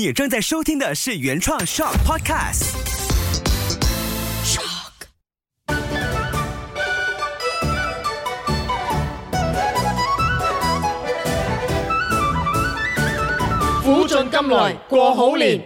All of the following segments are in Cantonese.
你正在收聽的是原創 Shock Podcast。Shock。苦盡甘來過好年。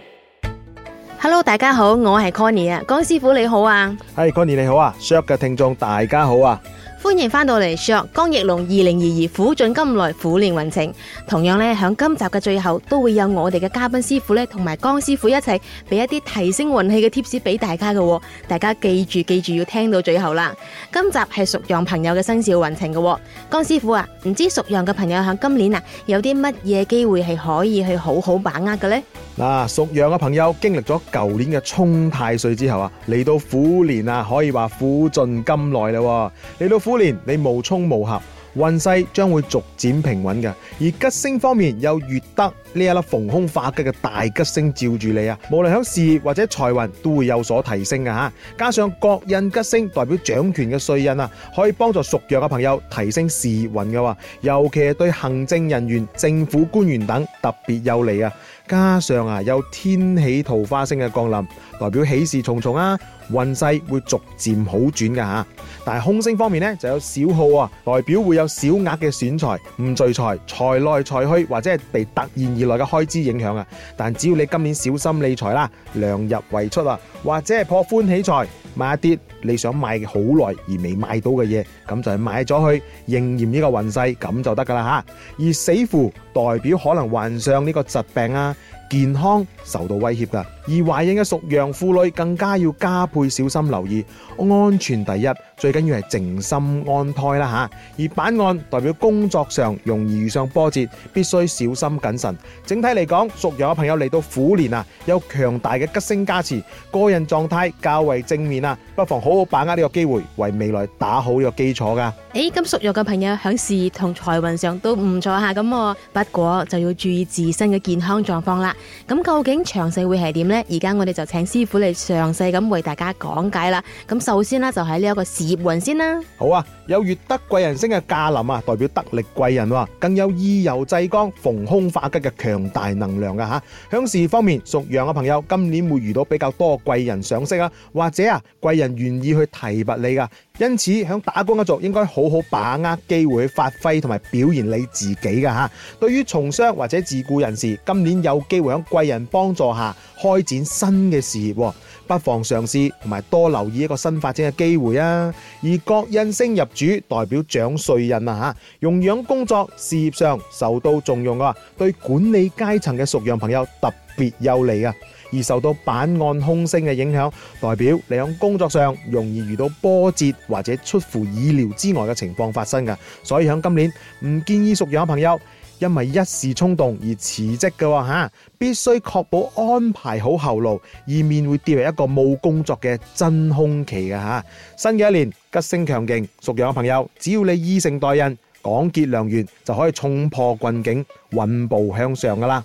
Hello，大家好，我係 Connie 啊，江師傅你好啊。係 Connie 你好啊，Shock 嘅聽眾大家好啊。歡迎翻到嚟《說江奕龍》，二零二二虎進金來，虎年運程。同樣咧，喺今集嘅最後，都會有我哋嘅嘉賓師傅咧，同埋江師傅一齊俾一啲提升運氣嘅 tips 俾大家嘅。大家記住記住要聽到最後啦。今集係屬羊朋友嘅生肖運程嘅。江師傅啊，唔知屬羊嘅朋友喺今年啊，有啲乜嘢機會係可以去好好把握嘅呢？嗱，屬羊嘅朋友經歷咗舊年嘅沖太歲之後啊，嚟到虎年啊，可以話苦盡甘來啦。嚟到虎年，你無沖無合，運勢將會逐漸平穩嘅。而吉星方面有月德呢一粒逢凶化吉嘅大吉星照住你啊，無論響事業或者財運都會有所提升嘅吓。加上國印吉星代表掌權嘅帥印啊，可以幫助屬羊嘅朋友提升事業運嘅話，尤其係對行政人員、政府官員等。特別有利啊，加上啊有天喜桃花星嘅降臨，代表喜事重重啊，運勢會逐漸好轉噶吓。但係凶星方面呢，就有小耗啊，代表會有小額嘅損財，唔聚財、財來財去或者係被突然而來嘅開支影響啊。但只要你今年小心理財啦，量入為出啊，或者係破歡喜財買一啲。你想買好耐而未買到嘅嘢，咁就係買咗去，應驗呢個運勢，咁就得噶啦吓。而死符代表可能患上呢個疾病啊，健康受到威脅噶。而懷孕嘅屬羊婦女更加要加倍小心留意，安全第一，最緊要係靜心安胎啦吓。而板案代表工作上容易遇上波折，必須小心謹慎。整體嚟講，屬羊嘅朋友嚟到虎年啊，有強大嘅吉星加持，個人狀態較為正面啊，不妨好。好好把握呢個機會，為未來打好呢個基礎噶。誒，咁屬羊嘅朋友響事業同財運上都唔錯下，咁、嗯、我不過就要注意自身嘅健康狀況啦。咁、嗯、究竟詳細會係點呢？而家我哋就請師傅嚟詳細咁為大家講解啦。咁、嗯、首先啦，就喺呢一個事業運先啦。好啊，有月德貴人星嘅駕臨啊，代表得力貴人、啊，話更有以柔制剛、逢凶化吉嘅強大能量噶、啊、吓。響事業方面，屬羊嘅朋友今年會遇到比較多貴人賞識啊，或者啊，貴人緣。以去提拔你噶，因此響打工一族應該好好把握機會去發揮同埋表現你自己噶吓。對於從商或者自雇人士，今年有機會響貴人幫助下開展新嘅事業，不妨嘗試同埋多留意一個新發展嘅機會啊！而國印星入主代表掌帥印啊吓，用樣工作事業上受到重用啊，對管理階層嘅屬羊朋友特別有利啊！而受到板岸空升嘅影響，代表你響工作上容易遇到波折或者出乎意料之外嘅情況發生嘅，所以響今年唔建議屬羊嘅朋友因為一時衝動而辭職嘅吓，必須確保安排好後路，以免會跌為一個冇工作嘅真空期嘅吓。新嘅一年吉星強勁，屬羊嘅朋友只要你以誠待人，廣結良緣，就可以衝破困境，穩步向上噶啦。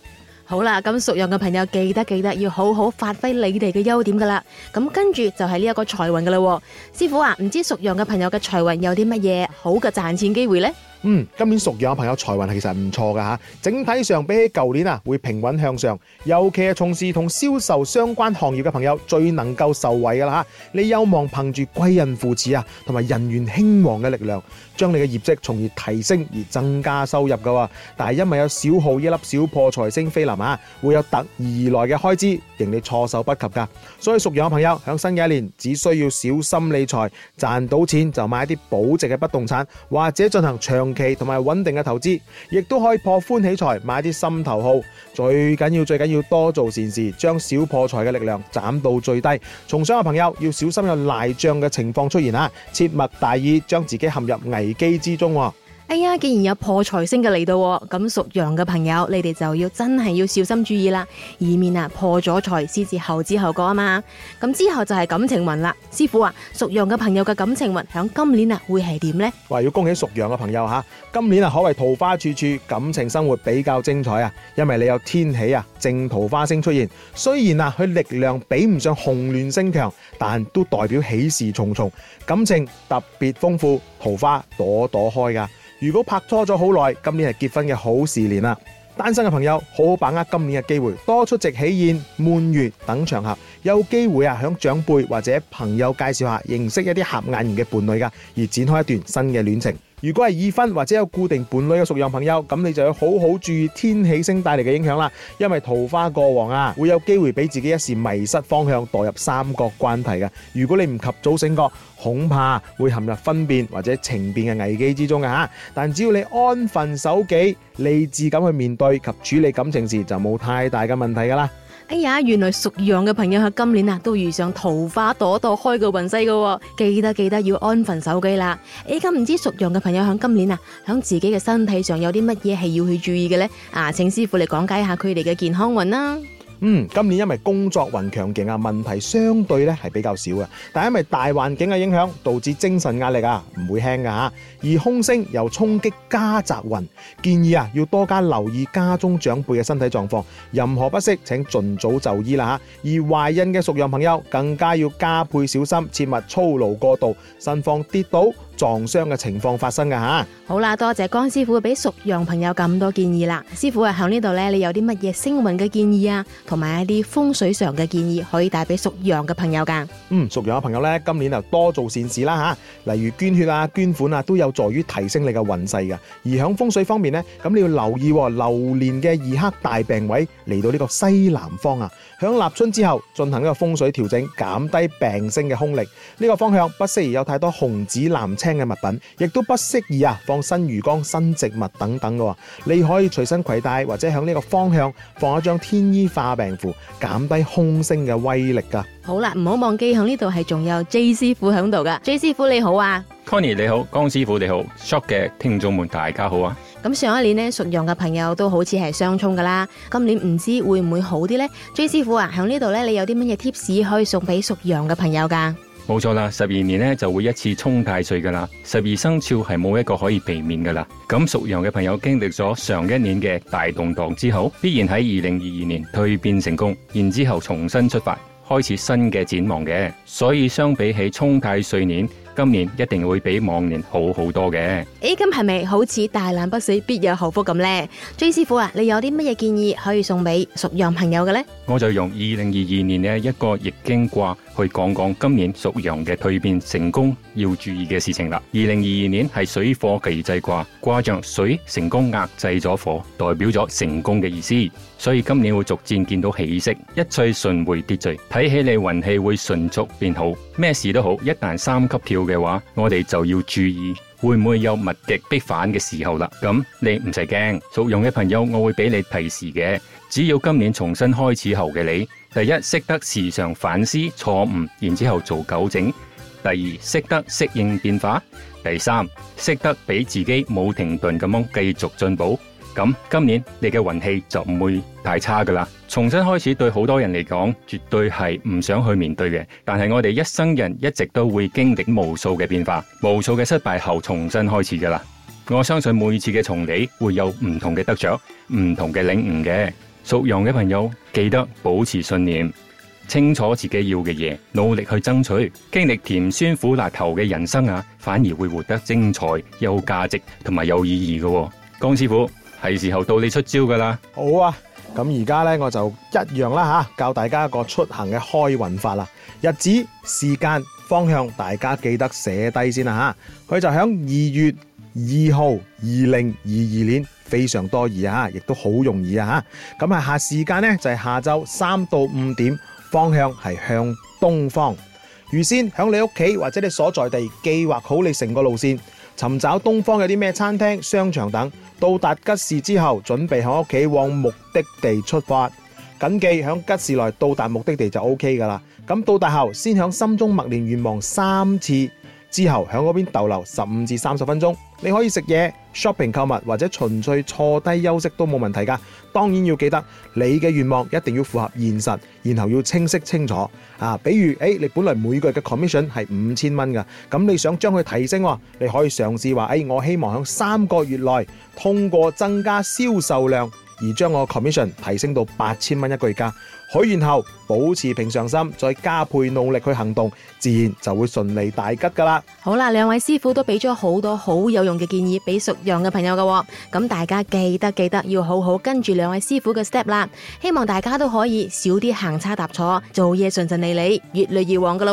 好啦，咁屬羊嘅朋友記得記得要好好發揮你哋嘅優點㗎啦。咁跟住就係呢一個財運㗎喇喎。師傅啊，唔知屬羊嘅朋友嘅財運有啲乜嘢好嘅賺錢機會呢？嗯，今年屬羊嘅朋友財運係其實唔錯噶吓，整體上比起舊年啊會平穩向上，尤其係從事同銷售相關行業嘅朋友最能夠受惠噶啦吓。你有望憑住貴人扶持啊，同埋人緣興旺嘅力量，將你嘅業績從而提升而增加收入噶但係因為有小耗一粒小破財星飛臨啊，會有突而來嘅開支，令你措手不及噶。所以屬羊嘅朋友喺新嘅一年只需要小心理財，賺到錢就買一啲保值嘅不動產或者進行長期同埋穩定嘅投資，亦都可以破歡喜財，買啲心頭好。最緊要，最緊要多做善事，將小破財嘅力量斬到最低。從商嘅朋友要小心有賴賬嘅情況出現啦，切勿大意，將自己陷入危機之中。哎呀，既然有破財星嘅嚟到，咁屬羊嘅朋友，你哋就要真係要小心注意啦，以免啊破咗財，先至後知後覺啊嘛。咁之後就係感情運啦。師傅話屬羊嘅朋友嘅感情運響今年啊會係點呢？話要恭喜屬羊嘅朋友吓，今年啊可謂桃花處處，感情生活比較精彩啊。因為你有天喜啊正桃花星出現，雖然啊佢力量比唔上紅鸞星強，但都代表喜事重重，感情特別豐富，桃花朵朵開噶。如果拍拖咗好耐，今年係結婚嘅好時年啦。單身嘅朋友，好好把握今年嘅機會，多出席喜宴、滿月等場合，有機會啊，響長輩或者朋友介紹下，認識一啲合眼緣嘅伴侶㗎，而展開一段新嘅戀情。如果係已婚或者有固定伴侶嘅屬羊朋友，咁你就要好好注意天喜星帶嚟嘅影響啦，因為桃花過旺啊，會有機會俾自己一時迷失方向，墮入三角關係嘅。如果你唔及早醒覺，恐怕會陷入婚變或者情變嘅危機之中啊！但只要你安分守己、理智咁去面對及處理感情時，就冇太大嘅問題噶啦。哎呀，原來屬羊嘅朋友喺今年啊，都遇上桃花朵朵開嘅運勢嘅，記得記得要安分守己啦。哎，咁唔知屬羊嘅朋友喺今年啊，喺自己嘅身體上有啲乜嘢係要去注意嘅呢？啊，請師傅嚟講解一下佢哋嘅健康運啦。嗯，今年因為工作運強勁啊，問題相對咧係比較少嘅。但係因為大環境嘅影響，導致精神壓力啊唔會輕㗎嚇。而凶星又衝擊家宅運，建議啊要多加留意家中長輩嘅身體狀況，任何不適請盡早就醫啦嚇。而懷孕嘅屬羊朋友更加要加倍小心，切勿操勞過度，慎防跌倒。撞傷嘅情況發生噶吓，好啦，多謝江師傅俾屬羊朋友咁多建議啦。師傅啊，響呢度呢，你有啲乜嘢星運嘅建議啊，同埋一啲風水上嘅建議可以帶俾屬羊嘅朋友噶？嗯，屬羊嘅朋友呢，今年就多做善事啦吓，例如捐血啊、捐款啊，都有助於提升你嘅運勢噶。而響風水方面呢，咁你要留意流年嘅二黑大病位嚟到呢個西南方啊。響立春之後進行一個風水調整，減低病星嘅凶力。呢、這個方向不適宜有太多紅紫藍青嘅物品，亦都不適宜啊放新魚缸、新植物等等嘅。你可以隨身攜帶或者響呢個方向放一張天醫化病符，減低凶星嘅威力噶。好啦，唔好忘記響呢度係仲有 J 師傅響度噶。J 師傅你好啊，Connie 你好，江師傅你好，Shock 嘅聽眾們大家好啊！咁上一年呢，屬羊嘅朋友都好似係相沖噶啦。今年唔知會唔會好啲呢？江師傅啊，喺呢度呢，你有啲乜嘢 tips 可以送俾屬羊嘅朋友噶？冇錯啦，十二年呢就會一次沖太歲噶啦。十二生肖係冇一個可以避免噶啦。咁屬羊嘅朋友經歷咗上一年嘅大動盪之後，必然喺二零二二年蛻變成功，然之後重新出發，開始新嘅展望嘅。所以相比起沖太歲年。今年一定會比往年好好多嘅。誒，咁係咪好似大難不死必有後福咁呢？江師傅啊，你有啲乜嘢建議可以送俾屬羊朋友嘅呢？我就用二零二二年嘅一個易經卦去講講今年屬羊嘅蛻變成功要注意嘅事情啦。二零二二年係水火既濟卦，卦象水成功壓制咗火，代表咗成功嘅意思。所以今年會逐漸見到起色，一切順回秩序，睇起嚟運氣會迅速變好，咩事都好，一旦三級跳，嘅話，我哋就要注意會唔會有物極必反嘅時候啦。咁你唔使驚，屬羊嘅朋友我會俾你提示嘅。只要今年重新開始後嘅你，第一識得時常反思錯誤，然之後做糾正；第二識得適應變化；第三識得俾自己冇停頓咁樣繼續進步。咁今年你嘅運氣就唔會太差噶啦，重新開始對好多人嚟講，絕對係唔想去面對嘅。但係我哋一生人一直都會經歷無數嘅變化，無數嘅失敗後重新開始噶啦。我相信每次嘅重嚟會有唔同嘅得着、唔同嘅領悟嘅。屬羊嘅朋友記得保持信念，清楚自己要嘅嘢，努力去爭取。經歷甜酸苦辣頭嘅人生啊，反而會活得精彩、有價值同埋有意義嘅哦。江師傅。係時候到你出招噶啦！好啊，咁而家呢，我就一樣啦吓，教大家一個出行嘅開運法啦。日子、時間、方向，大家記得寫低先啦吓。佢就響二月二號，二零二二年，非常多易啊，亦都好容易啊吓。咁係下時間呢，就係下晝三到五點，方向係向東方。預先響你屋企或者你所在地計劃好你成個路線。尋找東方有啲咩餐廳、商場等。到達吉時之後，準備喺屋企往目的地出發。謹記喺吉時內到達目的地就 OK 㗎喇。咁到達後，先喺心中默念願望三次。之後喺嗰邊逗留十五至三十分鐘，你可以食嘢、shopping 購物，購物或者純粹坐低休息都冇問題噶。當然要記得你嘅願望一定要符合現實，然後要清晰清楚啊。比如、哎、你本來每個月嘅 commission 係五千蚊㗎，咁你想將佢提升喎，你可以嘗試話、哎、我希望喺三個月內通過增加銷售量。而將我 commission 提升到八千蚊一個月價，許願後保持平常心，再加倍努力去行動，自然就會順利大吉噶啦。好啦，兩位師傅都俾咗好多好有用嘅建議俾屬羊嘅朋友噶，咁大家記得記得要好好跟住兩位師傅嘅 step 啦。希望大家都可以少啲行差踏錯，做嘢順順利利，越嚟越旺噶啦。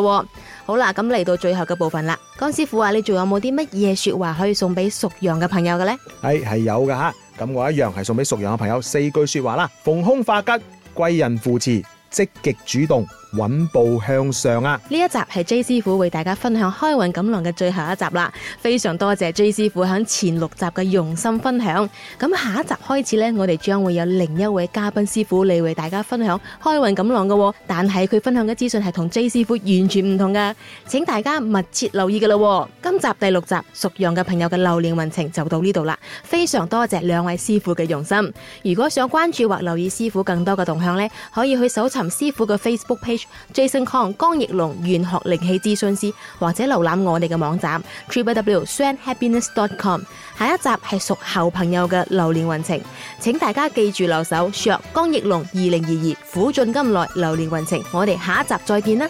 好啦，咁嚟到最後嘅部分啦，江師傅話、啊、你仲有冇啲乜嘢說話可以送俾屬羊嘅朋友嘅呢？係係有噶吓。咁我一樣係送俾屬羊嘅朋友四句説話啦：逢凶化吉，貴人扶持，積極主動，穩步向上啊！呢一集係 J 師傅為大家分享開運錦囊嘅最後一集啦，非常多謝 J 師傅喺前六集嘅用心分享。咁下一集開始呢，我哋將會有另一位嘉賓師傅嚟為大家分享開運錦囊嘅，但係佢分享嘅資訊係同 J 師傅完全唔同嘅，請大家密切留意嘅咯。今集第六集屬羊嘅朋友嘅流年運程就到呢度啦，非常多謝兩位師傅嘅用心。如果想關注或留意師傅更多嘅動向呢，可以去搜尋師傅嘅 Facebook page。Jason Kong 江奕龍玄學靈氣諮詢師，或者瀏覽我們的網站 www.sanhappiness.com。下一集是屬猴朋友的流年運程，請大家記住留守。江奕龍二零二二苦盡甘來流年運程，我們下一集再見啦。